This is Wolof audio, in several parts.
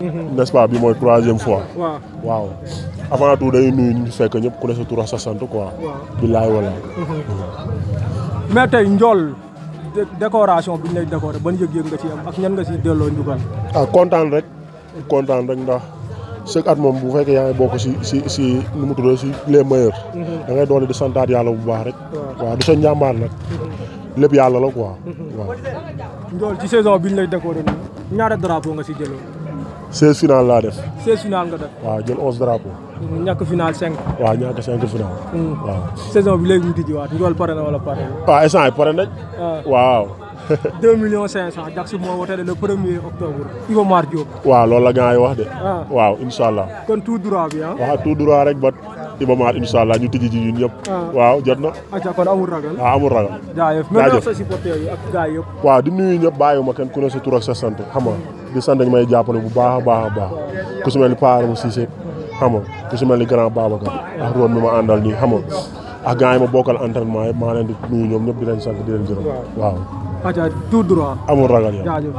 Mm-hmm. n'est-ce pas bi mooy troisième fois. waaw avant tout day nuyu ñu fekk ñëpp ku ne sa tur sa sant quoi. billaay wala. Mm-hmm. mais tey njool décoration bi ñu lay décorer ban yëg-yëg nga ci am ak ñan nga ci delloo njukkal. ah kontaan rek. kontaan rek ndax chaque at moom bu fekkee yaa ngi bokk si si si nu mu si les meilleurs. Mm-hmm. dangay doole di santaat yàlla bu baax rek. waaw du sa njàmbaar nag. lépp yàlla la quoi. waaw. njool ci saison bi ñu lay décorer ñaata drapeau nga si jëloo. seize final laa def. seize final nga def. waaw jël onze drapeaux. ñàkk final cinq. waaw ñàkk cinq final. Hmm. waaw saison bi léegi ñu tijjiwaat waaw instant yi pare nañ. Ah. waaw. deux millions cinq cent Jackson moo wote waaw loolu la gars yi wax de. Ah. waaw incha kon tout droit bi ah. waaw tout droit rek ba Iba Mar incha allah ñu tijji ji ñun ñëpp. Ah. waaw jot na. acca kon amul ragal. waaw amul ragal. jaajëf jaajëf mais sa supporter yi ak gars yi yëpp. waaw di nuyu ñëpp bàyyiwuma di sant ñu may jàppale bu baax a baax a baax ku si mel ni Paar mu Cissé xam nga ku si mel ni grand Babacar ak roon mi ma àndal nii xam nga ak gars yi ma bokkal entraînement yi maa leen di nuyu ñoom ñëpp di leen sant di leen gërëm waaw. atia tout droit. amul ragal yow jaajëf.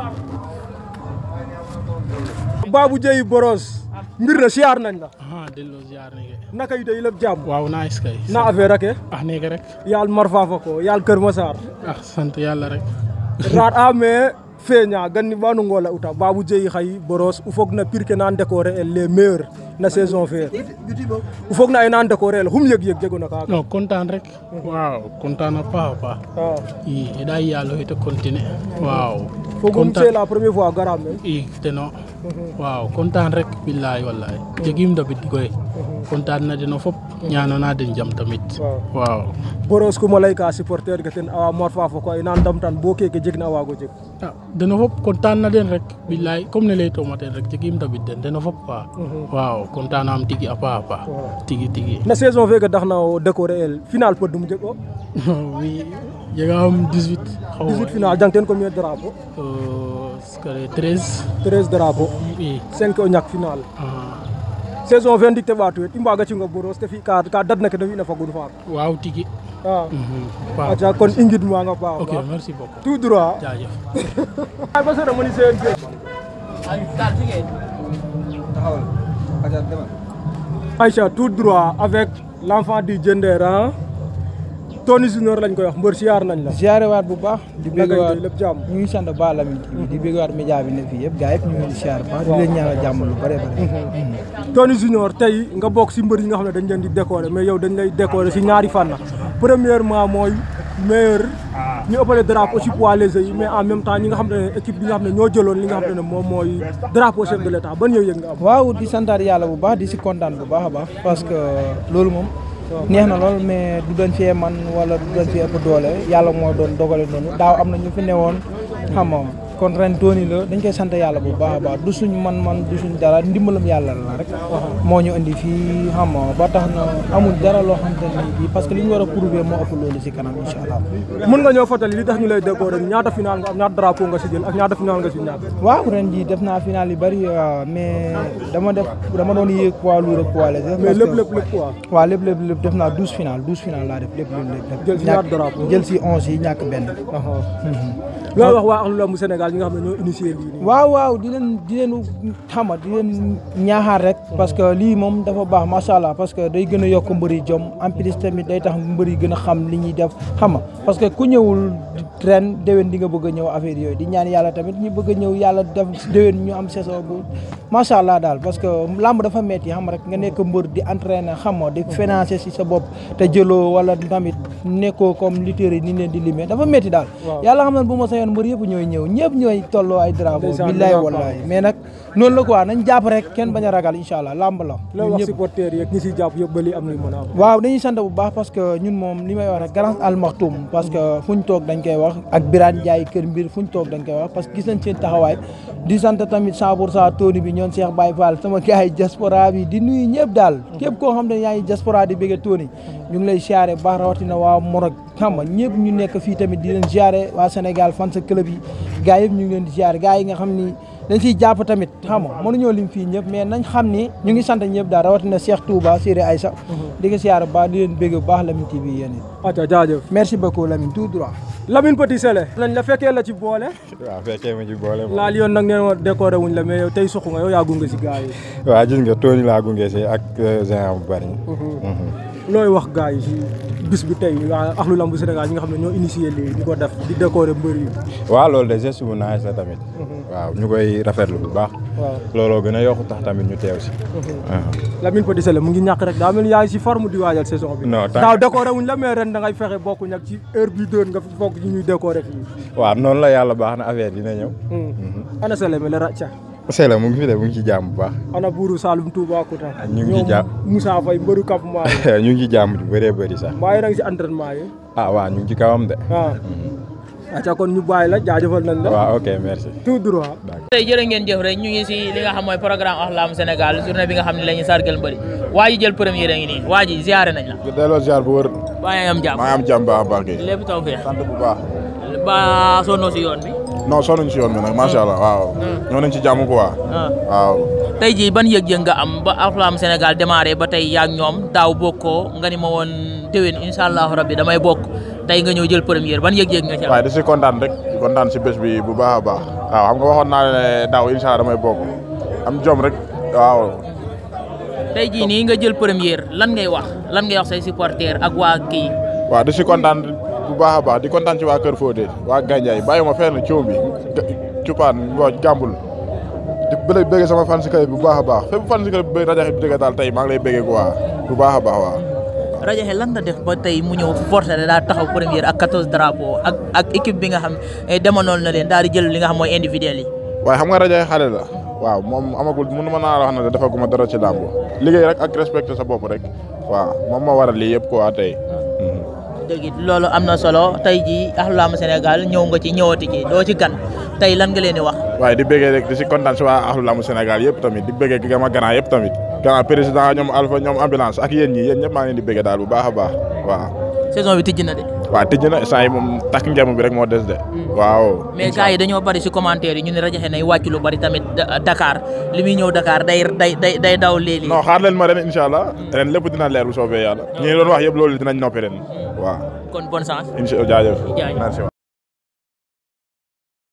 Babou Dieye Brosse. mbir na siyaar nañ la. ah delloo naka yi day lépp jàmm. waaw naa is kay. naa affaire e? ah, rek. ah yàlla Mar Fafa ko Kër Massar. ah yàlla rek. raad ah feeñaagan wano ngol a uta Babou Dieye xaye boros o fog no pir ke na décorer el les meilleurs na saison fe o foog na ye décorer el xum yeg yeg jegoona kaaga non content rek mhm. waaw content a paax a paax i xeɗa yaaloxe te continuer waaw fogum c'est la première fois gara meen i teno waaw kontaan rek billaay wallaay jegim dabit koy kontaan na den o fop ñaanona den jam tamit waaw boroskum o layka supporter ke ten awa mor fa fo koy na ndamtan bo keke jegna a waago jeg ah, den o fop kontaan na den rek billaay comme ne laytooma ten rek jegim dabit den den o fop fa waaw mhm. kontaanam tigi a paax a paax tigi tigi na saison feke taxna o décorer el final podum jeg o oui jegaam 18 18 final jang ten combien drapeau euh, presque les treize. treize drapeaux. cinq o ñak final. Ah. saison vendite ɓaatu et i mbaga cunga boros te fi ka ka dadna ke de fina fagun faak waaw tigi ah. mhm. a aca kon i ngid manga paax ok merci beaucoup tout droit jaajëf ay ba sera moni sen Aïcha tout droit avec l'enfant du Jender Tony Junior lañ koy wax mbër siyaar nañ la siyaare waat bu baax di bëgg waat lépp jàmm ñu ngi sant ba di bëgg waat média bi ne fii yëpp di si mbër yi nga xam ne dañ leen di décorer mais yow mooy meilleur ñu ëppale drapeau ci poids léger yi mais en même temps ñi nga xam ne équipe bi nga xam ne ñoo jëloon li nga xam ne moom mooy drapeau chef de l'état ban yëg-yëg nga am waaw di santaat yàlla bu baax di si kontaan bu baax baax parce que loolu moom neex na lool mais du doon fee man wala du doon fee doole yàlla moo doon dogale noonu daaw am na ñu fi newoon xam kon ren dooni la dañ koy sant yàlla bu baax a du suñ man man du suñ dara ndimbalam yàlla la rek mo ñu indi fi xam ba tax na amul dara lo xam ni parce que li ñu war prouver ëpp allah mën nga ñoo fàttali li tax ñu lay déggoo rek ñaata final nga am ñaata drapeau nga ak ñaata final nga si ñaata waaw ren ji def na final yu bëri euh, mais dama def dama doon yéeg kwa lourd ak poids léger mais lépp lépp lépp quoi wa def na final dus final laa def lépp lépp lépp jël si onze yi ñàkk benn mhm. looy wax waa axlu mu Sénégal ñi nga xam ne ñoo initié lii. waaw waaw di leen di di leen ñaaxaar rek. parce que lii moom dafa baax macha allah parce que day gën a yokk mbëri jom en plus mi day tax mbëri gën a xam li ñuy def xama parce que ku ren dewen di nga bëgg ñëw affaire yooyu di ñaan yàlla tamit ñu bëgg ñëw yàlla def dewen ñu am saison bu macha allah daal parce que lamb dafa metti xam rek nga nekk mbër di entraîner xamoo di financer si sa bopp te jëloo wala tamit nekkoo comme litéré ni leen di limee dafa metti daal yàlla xam na bu ma sa yoon mbër yëpp ñooy ñëw ñëpp ñooy tolloo ay drapeau billahi wallahi mais nag noonu la quoi nañ jàpp rek kenn bañ a ragal incha allah làmb la. ñun ñëpp wax supporters yeeg ñi si jàpp yëpp am nañ mën a am. waaw dañuy sant bu baax parce que ñun moom li may wax rek garance al maxtum fu ñu toog dañ koy wax ak Birane Ndiaye kër mbir fu ñu toog dañ koy wax parce que gis nañ seen taxawaay di sant tamit 100 pour cent bi ñoon Cheikh Baye Fall sama gars yi diaspora bi ñëpp daal képp koo xam ne yaa ngi diaspora di bëgg Tony ñu ngi lay siyaare baax rawatina waa Morog xam nga ñëpp ñu nekk fii tamit di leen siyaare waa Sénégal fan sa club yi gars yëpp ñu leen di siyaare gars yi nga xam ni dañ siy jàpp tamit xam nga mënuñoo lim fii ñëpp mais nañ xam ni ñu ngi sant ñëpp daal rawatina Cheikh Touba Siré Aïssa mhm. di ko siyaar bu baax di leen bégg baax la TV yéen it jaajëf merci beaucoup Lamine tout droit Lamine la fekkee la ci boole waaw fekkee ma ci boole laal yoon nag nee na décoré wuñ la mais yow tey suqu nga yow yaa gunge si gars yi waaw gis nga tooni laa gunge si ak gen euh, bari mhm. Mhm. looy wax gars yi bis bi tey waa axlu lamb Sénégal ñi nga xam ne ñoo initié lii di ko def di décorer mbër yi. waaw loolu de geste bu nice la tamit. Mhm. ñu koy rafetlu bu baax. waaw looloo gën a yokk tax tamit ñu teew si. Mhm. Ah. Lamine Petit Sélé mu ngi ñàkk rek daa mel ni yaa ngi si forme di waajal saison bi. non daaw décorer wuñ la mais ren da ngay fexe bokk ak ci heure bi doon nga bokk ci ñuy décorer fii. waaw noonu la yàlla baax na affaire dina ñëw. Mhm. ana Sélé mi la ràcca. sela mu ngi fi de mu ngi ci jàmm bu baax ana touba ko ta ñu ngi ci jàmm Moussa Faye mbëru Cap ñu ngi ci ju bëree bëri sax mbaa nak a si entraînement yi ah wa ñu ci kawam de waaw acca kon ñu bàyyi la jaajëfal nañ la wa ok merci tout droit tay jërë ngeen jëf rek ñu ngi ci li nga xam moy programme Axlam Sénégal journée bi nga xam ni lañu sargal mbëri waa jël premier a ngi nii ziaré nañ la délo ziar bu wër baa am jamm ma am jamm ba baax lepp taw fee sant bu baax ba sonno si yoon bi non sonuñ ci yoon bi nag macha allah hmm. waaw ñoo hmm. nañ ci jàmm quoi waaw tey jii ban yëg-yëg nga am ba alxulaam sénégal démarré ba tey yaa ñoom daaw bokkoo nga ni ma won déwén insha allahu rabbi damay bokk tey nga ñëw jël première ban yëg-yëg nga ci am waaye di si kontaan rek kontaan si bés bi bu baax a baax waaw xam nga waxoon naa ne daaw insha damay bokk am jom rek waaw tey jii nii nga jël première lan ngay wax lan ngay wax say supporter ak waa kii waaw di si kontaan bu baakha baax di kontaan ci wa keur Fodé waa Gandiaye bàyyi ma fenn ciow bi cupaan ngooj gàmbul di bëgg bëgg sama fan si club bu baakha baax fépp fan si kay bi radio bi jóge dal tay ma nglay beugé quoi bu baakha baax wa radio waaw lan nga def ba tay mu ñew forcé da daa taxaw première ak 14 drapeau ak ak équipe bi nga xam demonoon na len daal di jël li nga xam moy individuel yi way xam nga rajaxe xalé la waaw mom amagul mun mën naa la wax ne defaguma dara ci làmb liggéey rek ak respecté sa bop rek waaw mom moo waral li yëpp quoi tey dëgg it loolu am na solo tey jii Ahlou Lamb Sénégal ñëw nga ci ñëwati ci doo ci gan tey lan nga leen wax. waaye di bëggee rek di si kontaan si waa Ahlou Lamb Sénégal yëpp tamit di bëggee gi ma ganaa yëpp tamit ganaa président ñoom ñoom ambulance ak yéen ñi yéen ñëpp maa ngi di bëggee daal bu baax a baax waaw. saison bi tijji de. waaw tëj na saa yi moom takk ngemb bi rek moo des de. Hmm. waaw. mais gars dañoo bari si commentaire yi ñu ne Radiakhé nay wàcc bari tamit Dakar li muy ñëw dakaar day day day day daw léeg-léeg. non xaar leen ma ren incha hmm. ren lépp dina leer bu soobee yàlla. ñi doon wax yëpp loolu dinañ noppi ren hmm. waaw. kon bonne chance. incha allah jaajëf merci